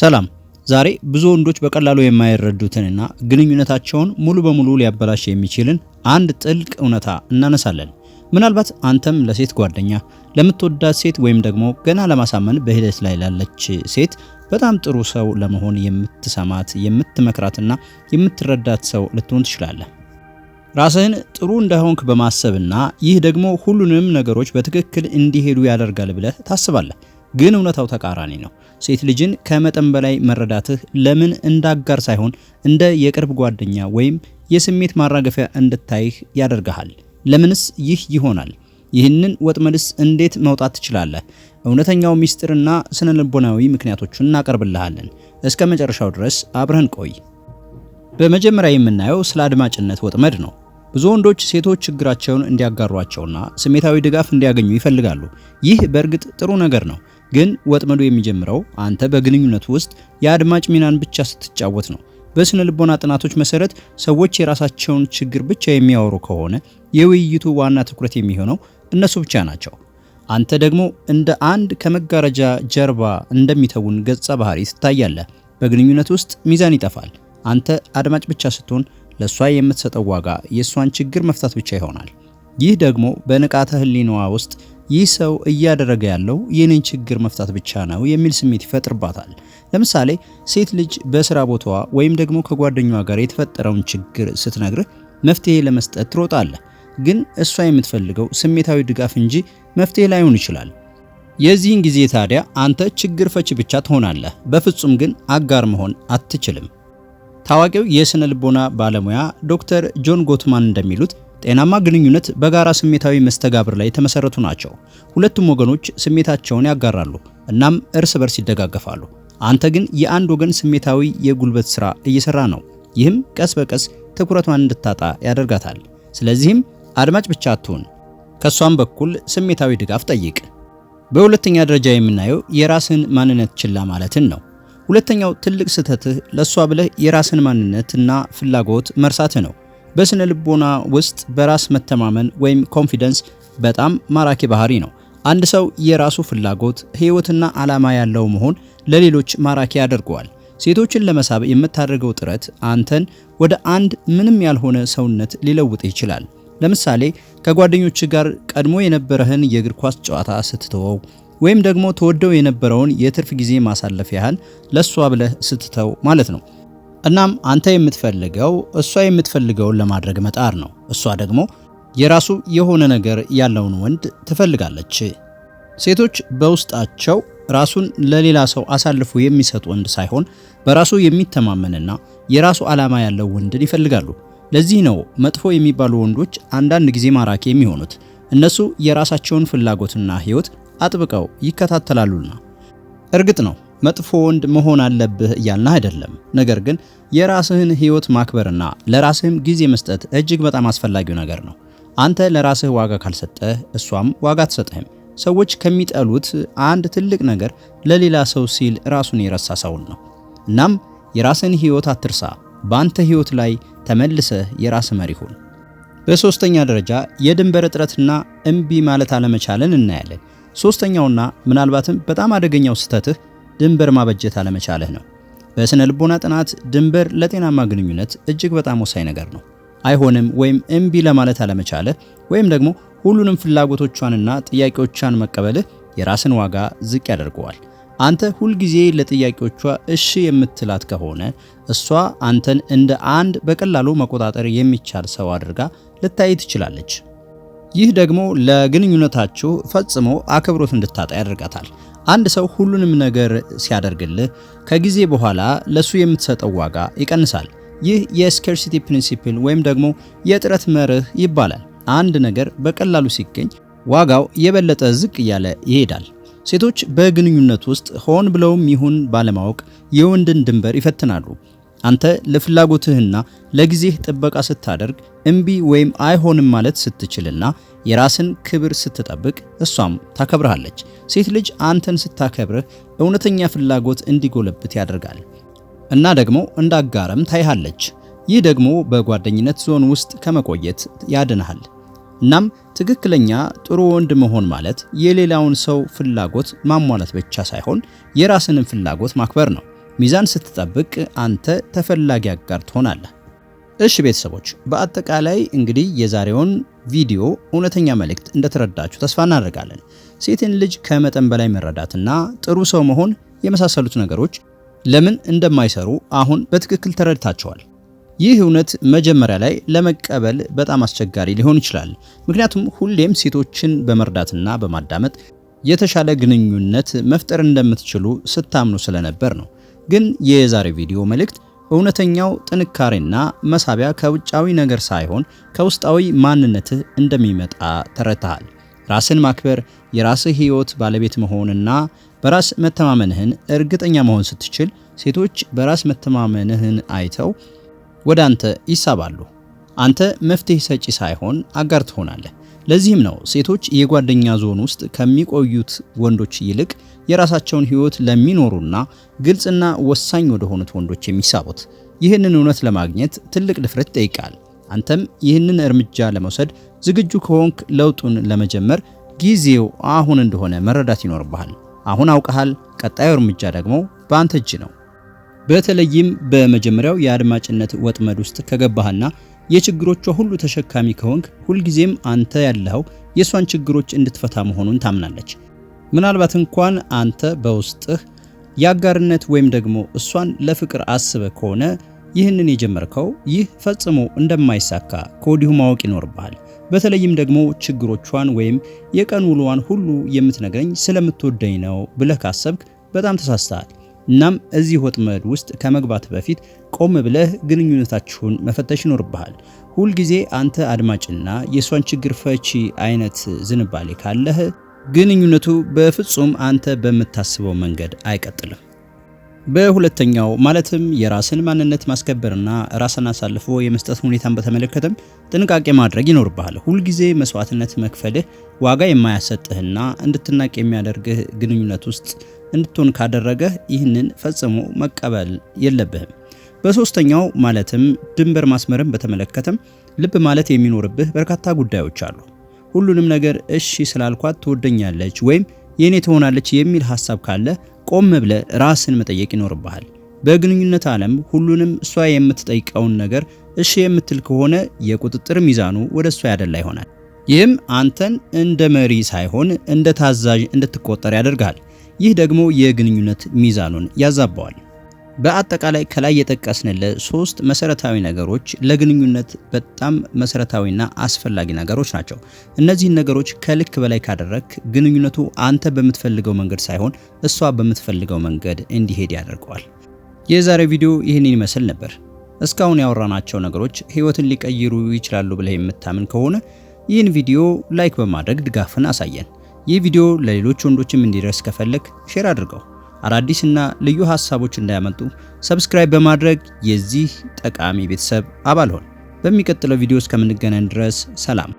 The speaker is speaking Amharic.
ሰላም። ዛሬ ብዙ ወንዶች በቀላሉ የማይረዱትንና ግንኙነታቸውን ሙሉ በሙሉ ሊያበላሽ የሚችልን አንድ ጥልቅ እውነታ እናነሳለን። ምናልባት አንተም ለሴት ጓደኛ፣ ለምትወዳት ሴት ወይም ደግሞ ገና ለማሳመን በሂደት ላይ ላለች ሴት በጣም ጥሩ ሰው ለመሆን የምትሰማት፣ የምትመክራትና የምትረዳት ሰው ልትሆን ትችላለህ። ራስህን ጥሩ እንደሆንክ በማሰብና ይህ ደግሞ ሁሉንም ነገሮች በትክክል እንዲሄዱ ያደርጋል ብለህ ታስባለህ። ግን እውነታው ተቃራኒ ነው። ሴት ልጅን ከመጠን በላይ መረዳትህ ለምን እንዳጋር ሳይሆን እንደ የቅርብ ጓደኛ ወይም የስሜት ማራገፊያ እንድታይህ ያደርግሃል? ለምንስ ይህ ይሆናል? ይህንን ወጥመድስ እንዴት መውጣት ትችላለህ? እውነተኛው ሚስጥርና ስነ ልቦናዊ ምክንያቶቹን እናቀርብልሃለን። እስከ መጨረሻው ድረስ አብረን ቆይ። በመጀመሪያ የምናየው ስለ አድማጭነት ወጥመድ ነው። ብዙ ወንዶች ሴቶች ችግራቸውን እንዲያጋሯቸውና ስሜታዊ ድጋፍ እንዲያገኙ ይፈልጋሉ። ይህ በእርግጥ ጥሩ ነገር ነው። ግን ወጥመዱ የሚጀምረው አንተ በግንኙነት ውስጥ የአድማጭ ሚናን ብቻ ስትጫወት ነው። በስነ ልቦና ጥናቶች መሰረት ሰዎች የራሳቸውን ችግር ብቻ የሚያወሩ ከሆነ የውይይቱ ዋና ትኩረት የሚሆነው እነሱ ብቻ ናቸው። አንተ ደግሞ እንደ አንድ ከመጋረጃ ጀርባ እንደሚተውን ገጸ ባህሪ ትታያለህ። በግንኙነት ውስጥ ሚዛን ይጠፋል። አንተ አድማጭ ብቻ ስትሆን፣ ለእሷ የምትሰጠው ዋጋ የእሷን ችግር መፍታት ብቻ ይሆናል። ይህ ደግሞ በንቃተ ህሊናዋ ውስጥ ይህ ሰው እያደረገ ያለው የኔን ችግር መፍታት ብቻ ነው የሚል ስሜት ይፈጥርባታል። ለምሳሌ ሴት ልጅ በስራ ቦታዋ ወይም ደግሞ ከጓደኛዋ ጋር የተፈጠረውን ችግር ስትነግርህ መፍትሄ ለመስጠት ትሮጣለህ። ግን እሷ የምትፈልገው ስሜታዊ ድጋፍ እንጂ መፍትሄ ላይሆን ይችላል። የዚህን ጊዜ ታዲያ አንተ ችግር ፈች ብቻ ትሆናለህ። በፍጹም ግን አጋር መሆን አትችልም። ታዋቂው የስነ ልቦና ባለሙያ ዶክተር ጆን ጎትማን እንደሚሉት ጤናማ ግንኙነት በጋራ ስሜታዊ መስተጋብር ላይ የተመሰረቱ ናቸው። ሁለቱም ወገኖች ስሜታቸውን ያጋራሉ እናም እርስ በርስ ይደጋገፋሉ። አንተ ግን የአንድ ወገን ስሜታዊ የጉልበት ስራ እየሰራ ነው። ይህም ቀስ በቀስ ትኩረቷን እንድታጣ ያደርጋታል። ስለዚህም አድማጭ ብቻ አትሁን፣ ከሷም በኩል ስሜታዊ ድጋፍ ጠይቅ። በሁለተኛ ደረጃ የምናየው የራስን ማንነት ችላ ማለትን ነው። ሁለተኛው ትልቅ ስህተትህ ለሷ ብለህ የራስን ማንነትና ፍላጎት መርሳት ነው። በስነ ልቦና ውስጥ በራስ መተማመን ወይም ኮንፊደንስ በጣም ማራኪ ባህሪ ነው። አንድ ሰው የራሱ ፍላጎት፣ ህይወትና ዓላማ ያለው መሆን ለሌሎች ማራኪ ያደርገዋል። ሴቶችን ለመሳብ የምታደርገው ጥረት አንተን ወደ አንድ ምንም ያልሆነ ሰውነት ሊለውጥ ይችላል። ለምሳሌ ከጓደኞች ጋር ቀድሞ የነበረህን የእግር ኳስ ጨዋታ ስትተወው ወይም ደግሞ ተወደው የነበረውን የትርፍ ጊዜ ማሳለፊያህን ለሷ ብለህ ስትተው ማለት ነው። እናም አንተ የምትፈልገው እሷ የምትፈልገውን ለማድረግ መጣር ነው። እሷ ደግሞ የራሱ የሆነ ነገር ያለውን ወንድ ትፈልጋለች። ሴቶች በውስጣቸው ራሱን ለሌላ ሰው አሳልፎ የሚሰጥ ወንድ ሳይሆን በራሱ የሚተማመንና የራሱ ዓላማ ያለው ወንድን ይፈልጋሉ። ለዚህ ነው መጥፎ የሚባሉ ወንዶች አንዳንድ ጊዜ ማራኪ የሚሆኑት። እነሱ የራሳቸውን ፍላጎትና ሕይወት አጥብቀው ይከታተላሉና። እርግጥ ነው መጥፎ ወንድ መሆን አለብህ እያልን አይደለም። ነገር ግን የራስህን ህይወት ማክበርና ለራስህም ጊዜ መስጠት እጅግ በጣም አስፈላጊው ነገር ነው። አንተ ለራስህ ዋጋ ካልሰጠህ እሷም ዋጋ አትሰጥህም። ሰዎች ከሚጠሉት አንድ ትልቅ ነገር ለሌላ ሰው ሲል ራሱን የረሳ ሰውን ነው። እናም የራስን ህይወት አትርሳ። በአንተ ህይወት ላይ ተመልሰህ የራስ መሪ ሁን። በሶስተኛ ደረጃ የድንበር እጥረትና እምቢ ማለት አለመቻልን እናያለን። ሶስተኛውና ምናልባትም በጣም አደገኛው ስህተትህ ድንበር ማበጀት አለመቻለህ ነው። በስነ ልቦና ጥናት ድንበር ለጤናማ ግንኙነት እጅግ በጣም ወሳኝ ነገር ነው። አይሆንም ወይም እምቢ ለማለት አለመቻለህ ወይም ደግሞ ሁሉንም ፍላጎቶቿንና ጥያቄዎቿን መቀበልህ የራስን ዋጋ ዝቅ ያደርገዋል። አንተ ሁልጊዜ ለጥያቄዎቿ እሺ የምትላት ከሆነ እሷ አንተን እንደ አንድ በቀላሉ መቆጣጠር የሚቻል ሰው አድርጋ ልታይ ትችላለች። ይህ ደግሞ ለግንኙነታችሁ ፈጽሞ አክብሮት እንድታጣ ያደርጋታል። አንድ ሰው ሁሉንም ነገር ሲያደርግልህ ከጊዜ በኋላ ለሱ የምትሰጠው ዋጋ ይቀንሳል። ይህ የስኬርሲቲ ፕሪንሲፕል ወይም ደግሞ የጥረት መርህ ይባላል። አንድ ነገር በቀላሉ ሲገኝ ዋጋው የበለጠ ዝቅ እያለ ይሄዳል። ሴቶች በግንኙነት ውስጥ ሆን ብለውም ይሁን ባለማወቅ የወንድን ድንበር ይፈትናሉ። አንተ ለፍላጎትህና ለጊዜህ ጥበቃ ስታደርግ እምቢ ወይም አይሆንም ማለት ስትችልና የራስን ክብር ስትጠብቅ እሷም ታከብርሃለች። ሴት ልጅ አንተን ስታከብርህ እውነተኛ ፍላጎት እንዲጎለብት ያደርጋል እና ደግሞ እንዳጋረም ታይሃለች። ይህ ደግሞ በጓደኝነት ዞን ውስጥ ከመቆየት ያድንሃል። እናም ትክክለኛ ጥሩ ወንድ መሆን ማለት የሌላውን ሰው ፍላጎት ማሟላት ብቻ ሳይሆን የራስንም ፍላጎት ማክበር ነው። ሚዛን ስትጠብቅ አንተ ተፈላጊ አጋር ትሆናለህ። እሺ ቤተሰቦች በአጠቃላይ እንግዲህ የዛሬውን ቪዲዮ እውነተኛ መልእክት እንደተረዳችሁ ተስፋ እናደርጋለን። ሴትን ልጅ ከመጠን በላይ መረዳትና ጥሩ ሰው መሆን የመሳሰሉት ነገሮች ለምን እንደማይሰሩ አሁን በትክክል ተረድታቸዋል። ይህ እውነት መጀመሪያ ላይ ለመቀበል በጣም አስቸጋሪ ሊሆን ይችላል። ምክንያቱም ሁሌም ሴቶችን በመርዳትና በማዳመጥ የተሻለ ግንኙነት መፍጠር እንደምትችሉ ስታምኑ ስለነበር ነው። ግን የዛሬ ቪዲዮ መልእክት እውነተኛው ጥንካሬና መሳቢያ ከውጫዊ ነገር ሳይሆን ከውስጣዊ ማንነትህ እንደሚመጣ ተረድተሃል። ራስን ማክበር፣ የራስህ ህይወት ባለቤት መሆንና በራስ መተማመንህን እርግጠኛ መሆን ስትችል ሴቶች በራስ መተማመንህን አይተው ወደ አንተ ይሳባሉ። አንተ መፍትሄ ሰጪ ሳይሆን አጋር ትሆናለህ። ለዚህም ነው ሴቶች የጓደኛ ዞን ውስጥ ከሚቆዩት ወንዶች ይልቅ የራሳቸውን ህይወት ለሚኖሩና ግልጽና ወሳኝ ወደሆኑት ወንዶች የሚሳቡት። ይህንን እውነት ለማግኘት ትልቅ ድፍረት ይጠይቃል። አንተም ይህንን እርምጃ ለመውሰድ ዝግጁ ከሆንክ ለውጡን ለመጀመር ጊዜው አሁን እንደሆነ መረዳት ይኖርብሃል። አሁን አውቀሃል። ቀጣዩ እርምጃ ደግሞ በአንተ እጅ ነው። በተለይም በመጀመሪያው የአድማጭነት ወጥመድ ውስጥ ከገባህና የችግሮቿ ሁሉ ተሸካሚ ከሆንክ ሁልጊዜም አንተ ያለኸው የእሷን ችግሮች እንድትፈታ መሆኑን ታምናለች። ምናልባት እንኳን አንተ በውስጥህ የአጋርነት ወይም ደግሞ እሷን ለፍቅር አስበ ከሆነ ይህንን የጀመርከው ይህ ፈጽሞ እንደማይሳካ ከወዲሁ ማወቅ ይኖርብሃል። በተለይም ደግሞ ችግሮቿን ወይም የቀን ውሎዋን ሁሉ የምትነግረኝ ስለምትወደኝ ነው ብለህ ካሰብክ በጣም ተሳስተሃል። እናም እዚህ ወጥመድ ውስጥ ከመግባት በፊት ቆም ብለህ ግንኙነታችሁን መፈተሽ ይኖርብሃል። ሁልጊዜ አንተ አድማጭና የእሷን ችግር ፈቺ አይነት ዝንባሌ ካለህ ግንኙነቱ በፍጹም አንተ በምታስበው መንገድ አይቀጥልም። በሁለተኛው ማለትም የራስን ማንነት ማስከበርና ራስን አሳልፎ የመስጠት ሁኔታን በተመለከተም ጥንቃቄ ማድረግ ይኖርብሃል። ሁልጊዜ መስዋዕትነት መክፈልህ ዋጋ የማያሰጥህና እንድትናቅ የሚያደርግህ ግንኙነት ውስጥ እንድትሆን ካደረገህ ይህንን ፈጽሞ መቀበል የለብህም። በሶስተኛው ማለትም ድንበር ማስመርን በተመለከተም ልብ ማለት የሚኖርብህ በርካታ ጉዳዮች አሉ። ሁሉንም ነገር እሺ ስላልኳት ትወደኛለች ወይም የኔ ትሆናለች የሚል ሀሳብ ካለ ቆም ብለ ራስን መጠየቅ ይኖርብሃል። በግንኙነት ዓለም ሁሉንም እሷ የምትጠይቀውን ነገር እሺ የምትል ከሆነ የቁጥጥር ሚዛኑ ወደ እሷ ያደላ ይሆናል። ይህም አንተን እንደ መሪ ሳይሆን እንደ ታዛዥ እንድትቆጠር ያደርጋል። ይህ ደግሞ የግንኙነት ሚዛኑን ያዛባዋል። በአጠቃላይ ከላይ የጠቀስንለ ሶስት መሰረታዊ ነገሮች ለግንኙነት በጣም መሰረታዊና አስፈላጊ ነገሮች ናቸው። እነዚህን ነገሮች ከልክ በላይ ካደረክ ግንኙነቱ አንተ በምትፈልገው መንገድ ሳይሆን እሷ በምትፈልገው መንገድ እንዲሄድ ያደርገዋል። የዛሬው ቪዲዮ ይህንን ይመስል ነበር። እስካሁን ያወራናቸው ነገሮች ህይወትን ሊቀይሩ ይችላሉ ብለህ የምታምን ከሆነ ይህን ቪዲዮ ላይክ በማድረግ ድጋፍን አሳየን። ይህ ቪዲዮ ለሌሎች ወንዶችም እንዲደርስ ከፈለግ ሼር አድርገው። አዳዲስና ልዩ ሀሳቦች እንዳያመልጡ ሰብስክራይብ በማድረግ የዚህ ጠቃሚ ቤተሰብ አባል ሆን። በሚቀጥለው ቪዲዮ እስከምንገናኝ ድረስ ሰላም።